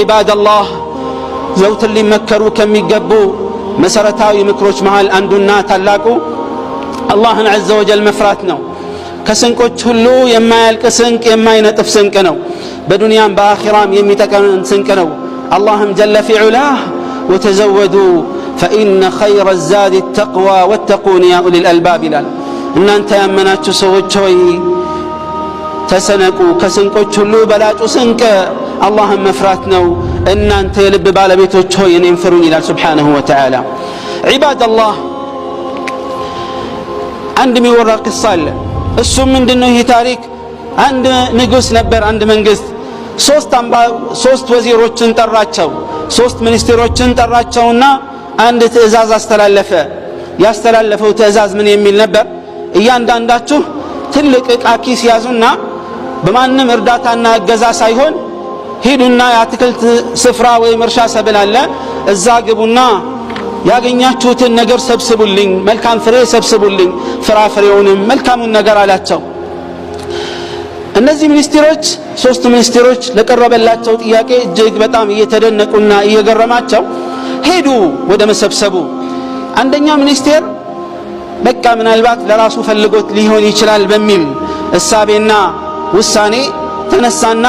ዒባደላህ ዘውትር ሊመከሩ ከሚገቡ መሰረታዊ ምክሮች መሃል አንዱና ታላቁ አላህን ዐዘ ወጀል መፍራት ነው ከስንቆች ሁሉ የማያልቅ ስንቅ የማይነጥፍ ስንቅ ነው በዱንያም በአኺራም የሚጠቀም ስንቅ ነው አላህም ጀለ ፊ ወተዘወዱ ፈኢነ ኸይረ ዛድ ተቅዋ ወተቁን ያ ኡሊል አልባብ ይላል እናንተ ያመናችሁ ሰዎች ሆይ ተሰነቁ ከስንቆች ሁሉ በላጩ ስንቅ አላህን መፍራት ነው እናንተ የልብ ባለቤቶች ሆይ እኔን ፍሩኝ ይላል ስብሓንሁ ወተዓላ ዒባድ አላህ አንድ የሚወራ ቅሳ አለ እሱም ምንድነው ይህ ታሪክ አንድ ንጉስ ነበር አንድ መንግስት ሶስት ሶስት ወዚሮችን ጠራቸው ሶስት ሚኒስቴሮችን ጠራቸውና አንድ ትእዛዝ አስተላለፈ ያስተላለፈው ትእዛዝ ምን የሚል ነበር እያንዳንዳችሁ ትልቅ እቃ ኪስ ያዙና በማንም እርዳታና እገዛ ሳይሆን ሂዱና የአትክልት ስፍራ ወይም እርሻ ሰብል አለ እዛ ግቡና ያገኛችሁትን ነገር ሰብስቡልኝ፣ መልካም ፍሬ ሰብስቡልኝ፣ ፍራፍሬውንም መልካሙን ነገር አላቸው። እነዚህ ሚኒስትሮች ሶስት ሚኒስትሮች ለቀረበላቸው ጥያቄ እጅግ በጣም እየተደነቁና እየገረማቸው ሄዱ ወደ መሰብሰቡ። አንደኛው ሚኒስቴር በቃ ምናልባት ለራሱ ፈልጎት ሊሆን ይችላል በሚል እሳቤና ውሳኔ ተነሳና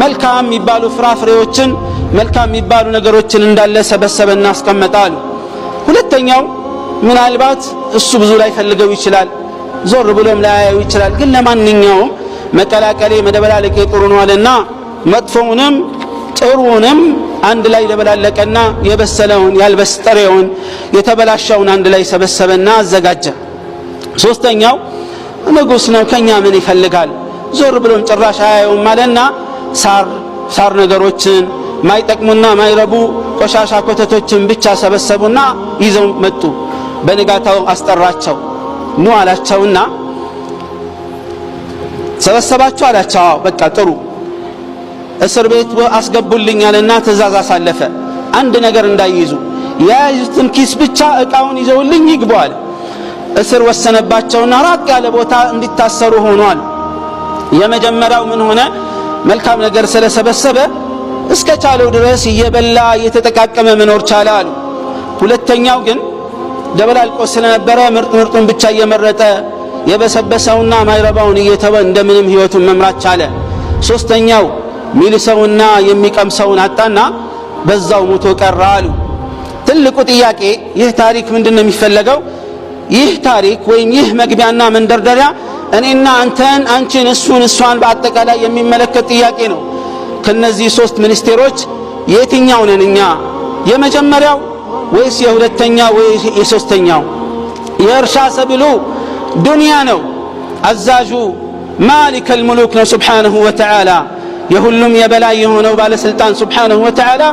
መልካም የሚባሉ ፍራፍሬዎችን መልካም የሚባሉ ነገሮችን እንዳለ ሰበሰበና አስቀመጣሉ። ሁለተኛው ምናልባት እሱ ብዙ ላይ ፈልገው ይችላል፣ ዞር ብሎም ላያየው ይችላል። ግን ለማንኛውም መቀላቀሌ መደበላለቄ ጥሩ ነው አለና መጥፎውንም ጥሩውንም አንድ ላይ ለበላለቀና የበሰለውን ያልበስጠሬውን የተበላሻውን አንድ ላይ ሰበሰበና አዘጋጀ። ሶስተኛው ንጉሥ ነው ከኛ ምን ይፈልጋል? ዞር ብሎም ጭራሽ አያየውም ማለና ሳር ሳር ነገሮችን ማይጠቅሙና ማይረቡ ቆሻሻ ኮተቶችን ብቻ ሰበሰቡና ይዘው መጡ። በንጋታው አስጠራቸው። ኑ አላቸውና ሰበሰባችሁ አላቸው። አዎ በቃ ጥሩ እስር ቤት አስገቡልኛልና ትእዛዝ አሳለፈ። አንድ ነገር እንዳይይዙ የያዙትን ኪስ ብቻ እቃውን ይዘውልኝ ይግቧል። እስር ወሰነባቸውና ራቅ ያለ ቦታ እንዲታሰሩ ሆኗል። የመጀመሪያው ምን ሆነ? መልካም ነገር ስለሰበሰበ እስከ ቻለው ድረስ እየበላ እየተጠቃቀመ መኖር ቻለ አሉ። ሁለተኛው ግን ደበላልቆ ስለነበረ ምርጥ ምርጡን ብቻ እየመረጠ የበሰበሰውና ማይረባውን እየተወ እንደምንም ህይወቱን መምራት ቻለ። ሶስተኛው ሚልሰውና የሚቀምሰውን አጣና በዛው ሞቶ ቀረ አሉ። ትልቁ ጥያቄ ይህ ታሪክ ምንድን ነው የሚፈለገው? ይህ ታሪክ ወይም ይህ መግቢያና መንደርደሪያ እኔና አንተን፣ አንቺን፣ እሱን፣ እሷን በአጠቃላይ የሚመለከት ጥያቄ ነው። ከነዚህ ሶስት ሚኒስቴሮች የትኛው ነን እኛ? የመጀመሪያው ወይስ የሁለተኛው ወይስ የሶስተኛው? የእርሻ ሰብሉ ዱንያ ነው። አዛዡ ማሊከል ሙሉክ ነው፣ ስብሓነሁ ወተዓላ የሁሉም የበላይ የሆነው ባለስልጣን ስብሓነሁ ወተዓላ